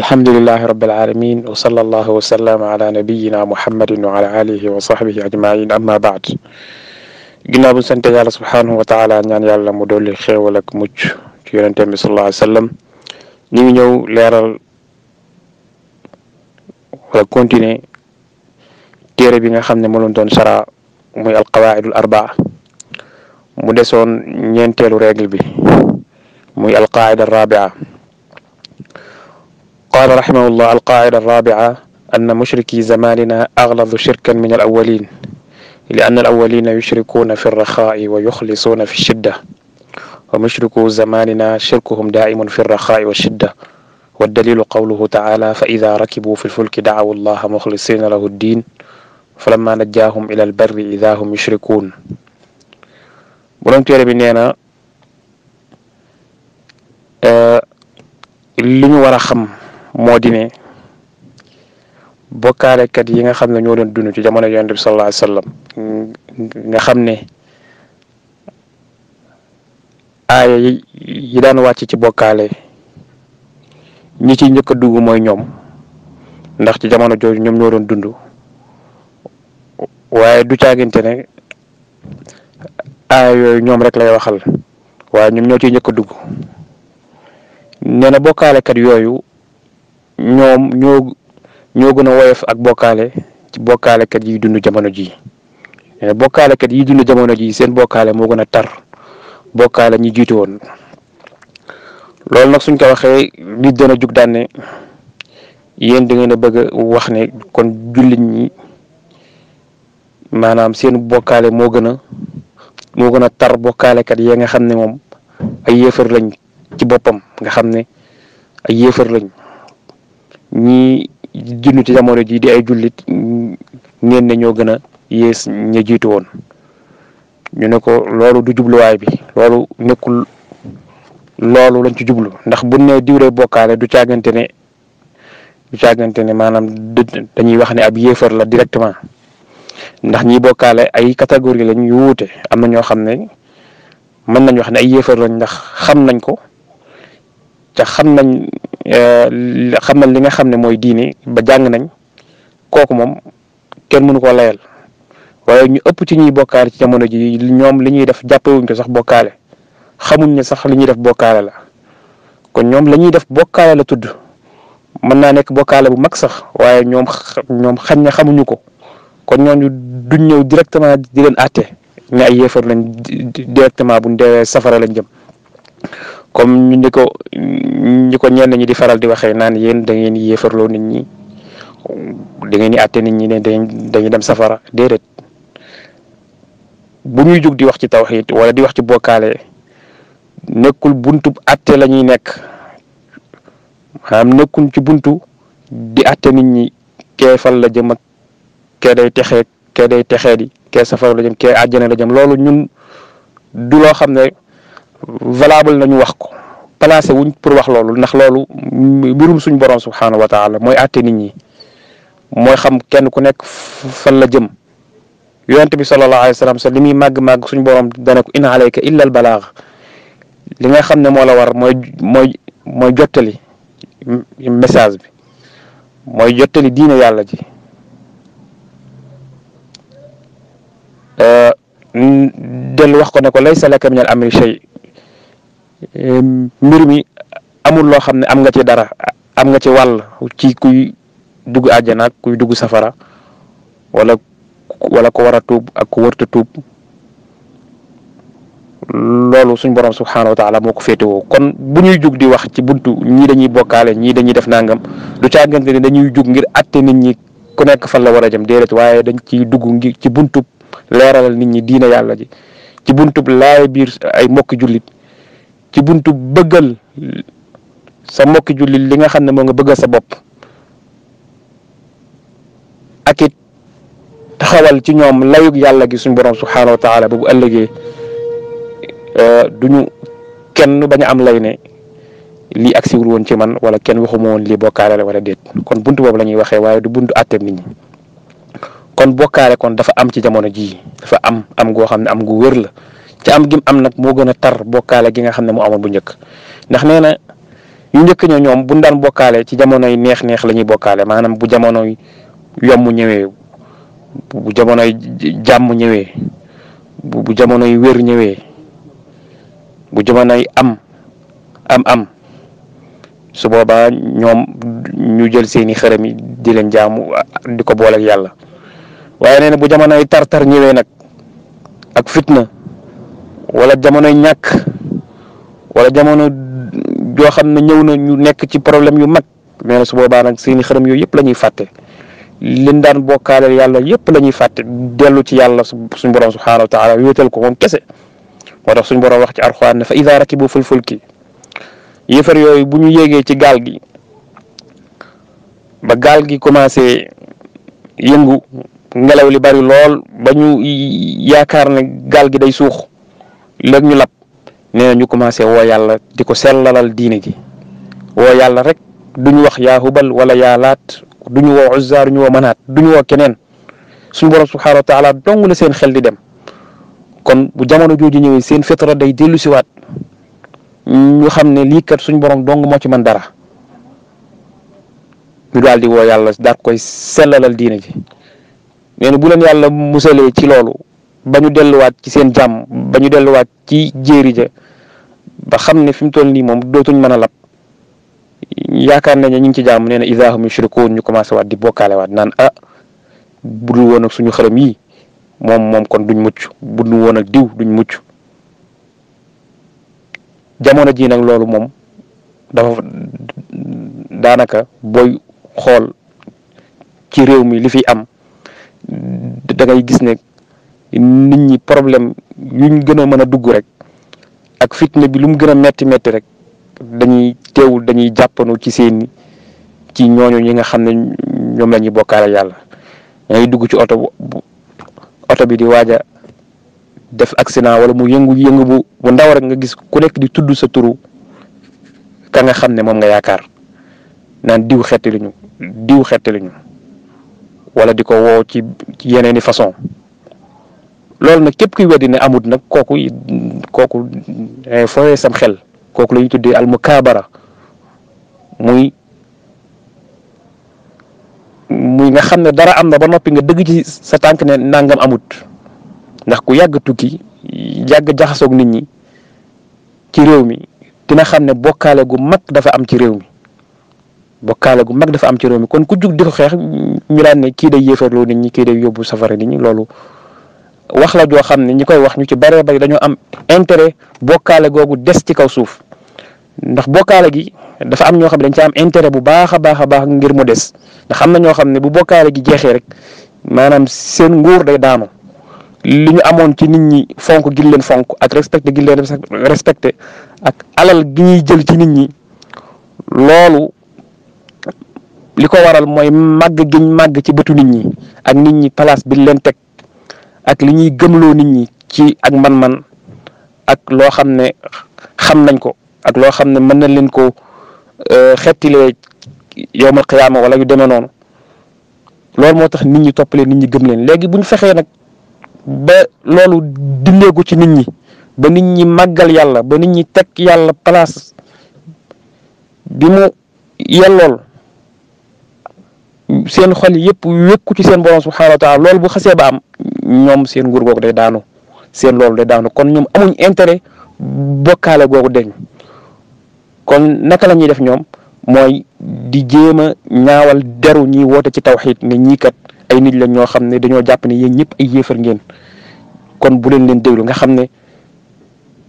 الحمد لله رب العالمين وصلى الله وسلم على نبينا محمد وعلى آله وصحبه أجمعين أما بعد جناب سنت يا سبحانه وتعالى نيان يالا دول الخير ولك موتش تي يونتي صلى الله عليه وسلم ني نيو ليرال ولا كونتيني تيري بيغا خامني مولون دون سرا موي القواعد الاربع مو ديسون نينتيلو ريغل بي موي القاعده الرابعه قال رحمه الله القاعدة الرابعة أن مشركي زماننا أغلظ شركا من الأولين لأن الأولين يشركون في الرخاء ويخلصون في الشدة ومشركو زماننا شركهم دائم في الرخاء والشدة والدليل قوله تعالى فإذا ركبوا في الفلك دعوا الله مخلصين له الدين فلما نجاهم إلى البر إذا هم يشركون borom téere bi nee na آه، moo di ne bokkaalekat yi nga xam ne ñoo doon dund ci jamono yonent bi sallallahu alayhi wasallam nga xam ne aaya yi daan wàcc ci bokkaale ñi ci njëkk dugg mooy ñoom ndax ci jamono jooju ñoom ñoo doon dund waaye du caaginte ne aaya yooyu ñoom rek lay waxal waaye ñoom ñoo ciy njëkk a dugg nee na bokkaalekat yooyu ñoom ñoo ñoo gën a woyof ak bokkaale ci bokkaalekat yiy dund jamono jii eh, bokkaalekat yiy dund jamono jii seen bokkaale moo gën a tar bokkaale ñi jiitu woon loolu nag suñ ko waxee nit dana jug daan ne yéen da ngeen a bëgg wax ne kon jullit ñi maanaam seen bokkaale moo gën a moo gën a tar bokkaalekat yee nga xam ne moom ay yéefar lañ ci boppam nga xam ne ay yéefar lañ. ñi junni ci jamono ji di ay jullit ngeen ne ñoo gën a yées ña jiitu woon ñu ne ko loolu du jubluwaay bi loolu nekkul loolu lañ ci jublu ndax bu ne diwree bokkaale du càggante ne du càggante ne maanaam dañuy wax ne ab yéefar la directement ndax ñi bokkaale ay catégorie lañ yu wuute am na ñoo xam ne mën nañ wax ne ay yéefar lañ ndax xam nañ ko ca xam nañ Euh, xamal li nga xam ne mooy diini ba jàng nañ kooku moom kenn mënu koo layal waaye ñu ëpp ci ñuy bokkaale ci jamono ji ñoom li ñuy def jàppewuñ ko sax bokkaale xamuñ ne sax li ñuy def bokkaale la kon ñoom la ñuy def bokkaale la tudd mën naa nekk bokkaale bu mag sax waaye ñoom ñoom xañ na xamuñu ko kon ñooñu duñ ñëw directement di leen àtte ne ay yéefar lañ directement buñ deewee safara lañ jëm. comme ñu ko ñi ko ñenn ñi di faral di waxee naan yéen da ngeen yéefarloo nit ñi da ngeen di àtte nit ñi ne dañuy dem safara déedéet bu ñuy jug di wax ci tawxiid wala di wax ci bokkaale nekkul buntu àtte la ñuy nekk maanaam nekkul ci buntu di àtte nit ñi kee fal la jëm ak kee day texee kee day texee di kee safara la jëm kee àjjana la jëm loolu ñun du loo xam ne. valable nañu wax ko placé wuñ pour wax loolu ndax loolu mbirum suñ borom subxanahu wa mooy àtte nit ñi mooy xam kenn ku nekk fan la jëm yonent bi sallallahu alayhi wa li muy màgg-màgg suñ borom dana ko in alayka li nga xam ne moo la war mooy mooy jottali message bi mooy jottali diine yàlla ji euh, dellu wax ko ne ko laysa min al amri mbir mi amul loo xam ne am nga ci dara am nga ci wàll ci kuy dugg àjjana ak kuy dugg safara wala wala ko war a tuub ak ko wërta tuub loolu suñ borom subxanahu wa taala moo ko féetewoo kon bu ñuy jug di wax ci bunt ñii dañuy bokkaale ñii dañuy def nangam du caagante ne dañuy jug ngir atte nit ñi ku nekk fan la war a jëm déedéet waaye dañ ciy dugg ngir ci buntub leeralal nit ñi diina yàlla ji ci bunt laay biir ay mbokki jullit ci buntu bëggal sa mbokk julli li nga xamne mo nga bëgg sa bop ak taxawal ci ñoom layug yalla gi suñu borom subhanahu wa taala bu bu euh duñu kenn baña am lay ne lii ak siwul woon ci man wala kenn waxuma won li wala kon buntu boobu lañuy waxe waye du buntu àtteem nit ñi kon bokkaale kon dafa am ci jamono ji dafa am am go xamne am gu wër la te am gim am nag moo gën a tar bokkaale gi nga xam ne mu amoon bu njëkk ndax nee na yu njëkk ña ñoom buñ daan bokkaale ci jamonoy neex-neex la ñuy bokkaale maanaam bu jamonoy yomb ñëwee bu jamonoy jàmm ñëwee bu jamonoy wér ñëwee bu jamonoy am am am su boobaa ñoom ñu jël seeni xërëm di leen jaamu di ko booleeg yàlla waaye nee bu jamonoy tar-tar ñëwee nag ak fitna wala jamonoy ñàkk wala jamono joo xam ne ñëw na ñu nekk ci problème yu mag nee na su boobaa nag seeni xërëm yooyu yëpp lañuy fàtte liñ daan bokkaaleel yàlla yëpp la ñuy fàtte dellu ci yàlla suñ borom subhaanahu wa taala wéetal ko moom kese moo tax suñ borom wax ci alxuraan ne fa ki idaa rakibu fil fulki yëfar yooyu bu ñu yéegee ci gaal gi ba gaal gi commencé yëngu ngelaw li bari lool ba ñu yaakaar ne gaal gi day suux léegi ñu lab nee na ñu commencé woo yàlla di ko sellalal diine ji woo yàlla rek duñu wax yaa hubal wala yaa laat ñu woo uzza ñu woo manaat duñu woo keneen suñu borom subhaanahu wa taala dong la seen xel di dem kon bu jamono jooju ñëwee seen fitra day dellu siwaat ñu xam ne lii kat suñu borom dongu moo ci man dara ñu daal di woo yàlla daal koy sellalal diine ji nee bu leen yàlla musalee ci loolu ba ñu delluwaat ci seen jàmm ba ñu delluwaat ci jéeri ja ba xam ne fi mu toll nii moom dootuñ mën a lab yaakaar nañ ne ñu ngi ci jàmm nee na iza hum yushrikuun ñu commencé waat di bokkaale waat naan ah budul woon ak suñu xërëm yi moom moom kon duñ mucc budul woon ak diw duñ mucc jamono jii nag loolu moom dafa daanaka booy xool ci réew mi li fi am da ngay gis ne. nit ñi problème yuñ gën a dugg rek ak fitna bi lu mu gëna metti metti rek dañuy téwul dañuy jappanu ci seen ci ñooñu ñi nga xamne ñom ñoom bokkale yalla ngay dugg ci bu auto bi di waja def accident wala mu yëngu yëngu bu bu ndaw rek nga gis ku nekk di tuddu sa turu ka nga xamne mom nga yaakar nan diw xetti li diw xetti wala diko wo ci yeneeni façon loolu nag képp kuy weddi amut nag kooku kooku eh, fooyee sam xel kooku la ñuy tuddee almukaabara muy muy nga xam ne dara am na ba noppi nga dëgg ci sa tànk ne nangam amut ndax ku yàgg tukki yàgg jaxasoog nit ñi ci réew mi dina xam ne bokkaale gu mag dafa am ci réew mi bokkaale gu mag dafa am ci réew mi kon ku jug di ko xeex ñu daan ne kii day yéefarloo nit ñi kii day yóbbu safara nit ñi loolu wax la joo xam ne ñi koy wax ñu ci bëree bëri dañoo am intérêt bokkaale googu des ci kaw suuf ndax bokkaale gi dafa am ñoo xam ne dañ ci am intérêt bu baax a baax a baax ngir mu des ndax am na ñoo xam ne bu bokkaale gi jeexee rek maanaam seen nguur day daanu li ñu amoon ci nit ñi fonk gi leen fonk ak respecté gi leen respecte ak alal gi ñuy jël ci nit ñi loolu li ko waral mooy màgg giñ màgg ci bëtu nit ñi ak nit ñi place bi leen teg. ak li ñuy gëmloo nit ñi ci ak man-man ak loo xam ne xam nañ ko ak loo xam ne mën nañ leen ko euh, xettilee yowmal qiyaama wala yu demee noonu loolu moo tax nit ñi toppalee nit ñi gëm leen léegi bu ñu fexee nag ba loolu dindeegu ci nit ñi ba nit ñi màggal yàlla ba nit ñi teg yàlla place bi mu yellool seen xol yëpp wékku ci seen borom subhaanahu wa taala loolu bu xasee ba am ñoom seen nguur googu day daanu seen loolu day daanu kon ñoom amuñ intérêt bokkaale googu deñ kon naka la ñuy def ñoom mooy di jéem a ñaawal deru ñiy woote ci tawxiit ne ñiikat ay nit lañ ñoo xam ne dañoo jàpp ne yéen ñëpp ay yéefar ngeen kon bu leen leen déglu nga xam ne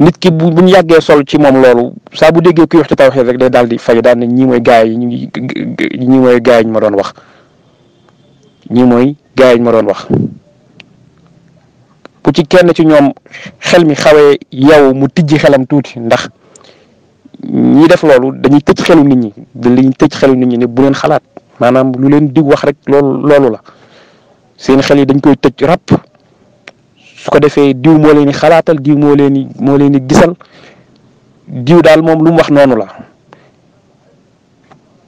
nit ki bu buñ yàggee sol ci moom loolu saa bu déggee kuy wax ci tawxiid rek day daal di fay daal ne ñii mooy gaay yi ñii mooy gaay yi ma doon wax ñi mooy gars yi ma doon wax bu ci kenn ci ñoom xel mi xawee yow mu tijji xelam tuuti ndax ñi def loolu dañuy tëj xelu nit ñi dañuy tëj xelu nit ñi ne bu leen xalaat maanaam lu leen di wax rek loolu loolu la seen xel yi dañ koy tëj ràpp su ko defee diw moo leen di xalaatal diw moo leen di moo leen di gisal diw daal moom lu mu wax noonu la.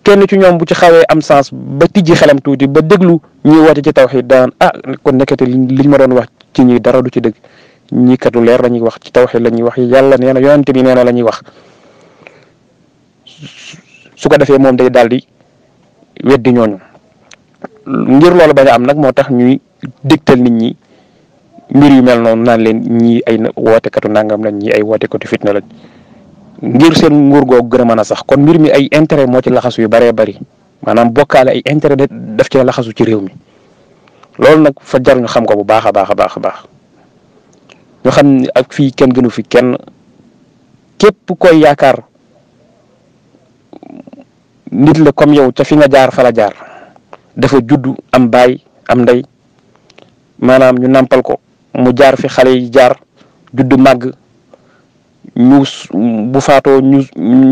kenn ci ñom bu ci xawé am sens ba tijji xelam tuuti ba déglu ñi wote ci tawhid daan ah kon nekkati liñ ma doon wax ci ñi dara du ci dëgg ñi katu leer lañuy wax ci tawhid lañuy wax yalla neena yoonte bi neena lañuy wax su ko defé mom day daldi di weddi ñooñu ngir loolu bañ a am nak motax ñuy digtal nit ñi mbir yu mel non naan leen ñi ay wote katu nangam lañ ñi ay wote katu fitna lañ ngir seen nguur googu gën a mën a sax kon mbir mi ay intérêt moo ci laxasu yu bëree bëri maanaam bokkaale ay intérêt de daf cee laxasu ci réew mi loolu nag fa jar xam ko bu baax a baax a baax a baax ñu xam ak fii kenn gënu fi kenn képp koy yaakaar nit la comme yow ca fi nga jaar fa la jaar dafa juddu am baay am ndey maanaam ñu nàmpal ko mu jaar fi xale yi jaar juddu màgg. ñu bu ñu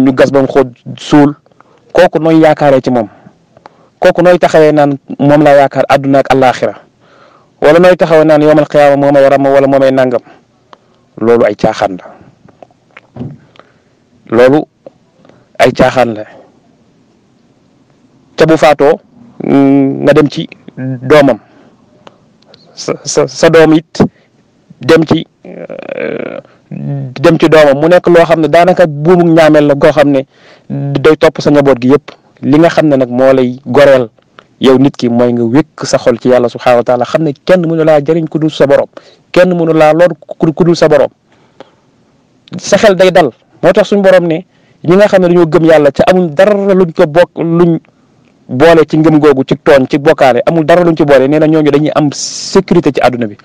ñu gas ba mu xóot suul kooku nooy yaakaaree ci moom kooku nooy taxawee naan moom la yaakaar àdduna ak àllaaxira wala nooy taxawee naan yowmal xiyaama moo a ram wala moom may nangam loolu ay caaxaan la loolu ay caaxaan la te bu faatoo mm, nga dem ci doomam sa sa dem ci. Euh, Mm. dem ci doomam mu nekk loo xam ne daanaka buumu ñaameel la goo xam ne mm. day topp sa njaboot gi yëpp li nga xam ne nag moo lay goreel yow nit ki mooy nga wékk sa xol ci yàlla subhaanahu wa taala xam ne kenn mënu laa jëriñ ku dul sa borom kenn mënu laa lor ku dul sa borom sa xel day dal moo tax suñu borom ne ñi nga xam ne dañoo gëm yàlla ci amul dara luñ ko bokk luñ boole ci ngëm googu ci tooñ ci bokkaale amul dara luñ ci boole nee na ñooñu dañuy am sécurité ci àdduna bi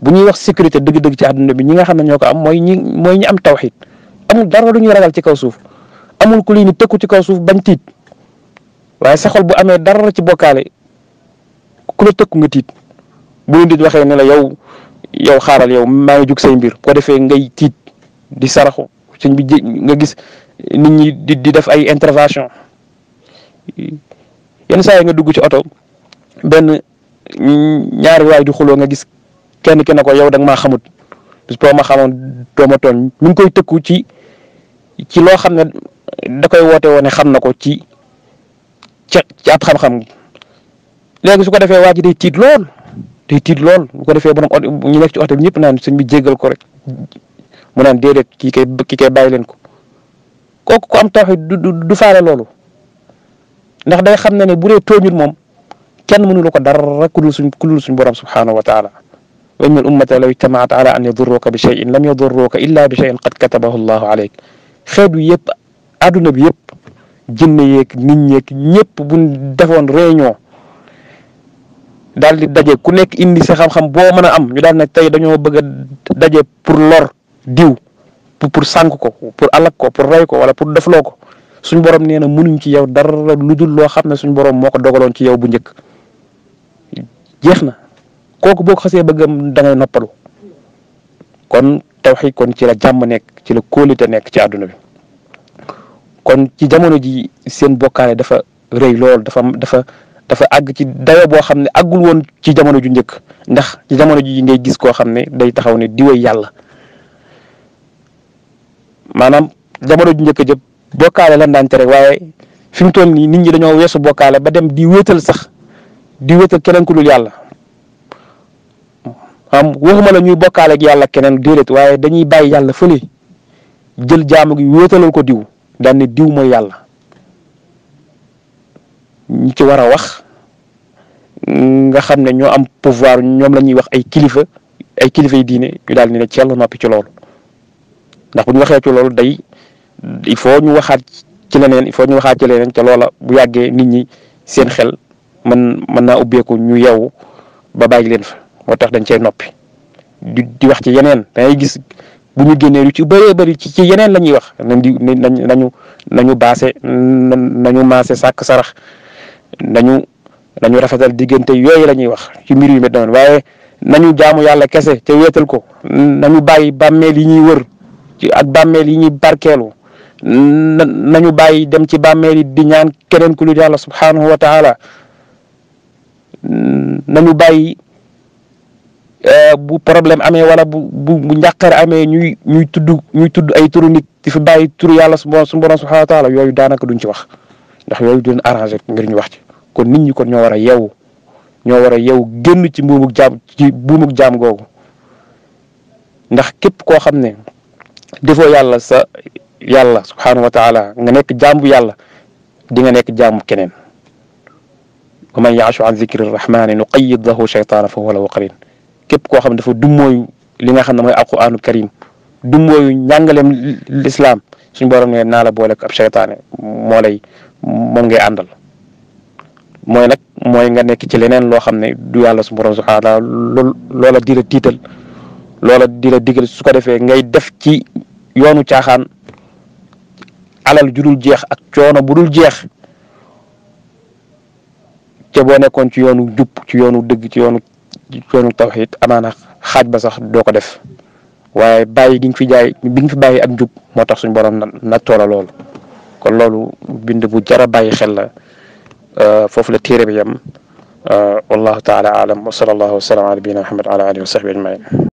bu ñuy wax sécurité dëgg-dëgg ci àdduna bi ñi nga xam ne ñoo ko am mooy ñi mooy ñi am tawxiid amul dara lu ñuy ragal ci kaw suuf amul ku lii ni tëkku ci kaw suuf bañ tiit waaye sa bu amee dara ci bokkaale ku la tëkku nga tiit bu ñu di waxee ne la yow yow xaaral yow maa ngi jug say mbir ko defee ngay tiit di saraxu sëñ bi nga gis nit ñi di di def ay intervention yenn saa yi nga dugg ci oto benn ñaari waay di xuloo nga gis kenn ki ne ko yow dang nga maa xamut bis boo ma xamoon doo ma tooñ mi koy tëkku ci ci loo xam ne da koy woote woon ne xam na ko ci ci ci ab xam-xam léegi su ko defee waa ji day tiit lool day tiit lool bu ko defee borom oto ñu nekk ci ñëpp naan sëñ bi jéggal ko rek mu naan déedéet kii kay kii kay leen ko kooku ko am tawxiid du du faale loolu ndax day xam ne ne bu dee tooñul moom kenn mënu la ko dara ku dul suñ ku dul suñ borom subxanahu wa wa inna al ummata law ijtamaat ala an yadurruka bi cheyin lam yadurruka illa bi cheyin qad katabahu llahu aleyk xeet wi yëpp àdduna bi yëpp jinne yeeg nit ñeeg ñëpp buñ defoon réunion daal di daje ku nekk indi sa xam-xam boo mën a am ñu daal ne tey dañoo bëgg a daje pour lor diw pour sànq ko pour alak ko pour rey ko wala pour defloo ko suñ borom nee na mënuñ ci yow dara lu dul loo xam ne suñ borom moo ko dogaloon ci yow bu njëkk jeex na. koku bok xasse xasee da ngay noppalu kon tawhid kon ci la jamm nek ci la nek ci aduna bi kon ci jamono ji seen bokale dafa reuy lool dafa dafa dafa ag ci dayo bo xamne agul won ci jamono ju njëkk ndax ci jamono ji ngay gis ko xamne day taxaw ne diwee yalla manam jamono ju njëkk jëpp bokale la daan rek waye fim mu toll nit ñi dañoo wessu bokale ba dem di wétal sax di wétal kenen ku dul yalla waxuma la ñuy bokkaale yàlla keneen déedéet waaye dañuy bàyyi yàlla fële jël jaamu gi wéetalal ko diw daan diw mooy yàlla ñu ci war a wax nga xam ne ñoo am pouvoir ñoom la ñuy wax ay kilifa ay kilifa yi diine ñu daal di ne ci noppi ci loolu ndax bu ñu waxee ci loolu day il faut ñu waxaat ci leneen il faut ñu waxaat ci leneen te loola bu yàggee nit ñi seen xel mën mën naa ubbeeku ñu yeewu ba bàyyi leen fa. moo tax dañ cee noppi di wax ci yeneen dangay gis bu ñu génnee lu ci bëree bëri ci yeneen la ñuy wax nañ di nañ nañu nañu baase nañu maase sàkk sarax nañu nañu rafetal diggante yooyu lañuy wax ci mbir yu mel noonu waaye nañu jaamu yàlla kese te wéetal ko nañu bàyyi bàmmeel yi ñuy wër ak bàmmeel yi ñuy barkeelu nañu bàyyi dem ci bàmmeel yi di ñaan keneen ku lu yàlla subhanahu wa taala nañu bàyyi Euh, bu problème amee wala bu bu bu njàqare amee ñuy ñuy tudd ñuy tudd ay turu nit di fi bàyyi turu yàlla su borom subhanahu wa taala yooyu daanaka duñ ci wax ndax yooyu duñ arrangé ngir ñu wax ci kon nit ñi kon ñoo war a yeewu ñoo war a yeewu génn ci mbuumug jaam ci buumug jaam googu ndax képp koo xam ne defoo yàlla sa yàlla subhanahu wa taala nga nekk jaamu yàlla di nga nekk jaamu keneen wa man yaashu an zikri rahmani nuqayid lahu shaytaana fa huwa wala qarin képp koo xam ne dafa dummóoyu li nga xam ne mooy alquraanul karim dummóoyu njàngaleem lislaam suñ borom ne naa la boole ak ab seytaane moo lay moom ngay àndal mooy nag mooy nga nekk ci leneen loo xam ne du yàlla su borom subhaanahu taala loola di la tiital loola di la digal su ko defee ngay def ci yoonu caaxaan alal ju dul jeex ak coono bu dul jeex te boo nekkoon ci yoonu jub ci yoonu dëgg ci yoonu yoonu tawxiid amaana xaaj ba sax doo ko def waaye bàyyi gi ñu fi jaay bi ñu fi bàyyi ak njub moo tax suñ borom nattoo la loolu kon loolu bind bu jar a bàyyi xel la euh, foofu la téere bi yem euh, wallahu taala alam wa sallallahu wa sallam ala nabina muhammad wa ala alihi wa sahbi ajmain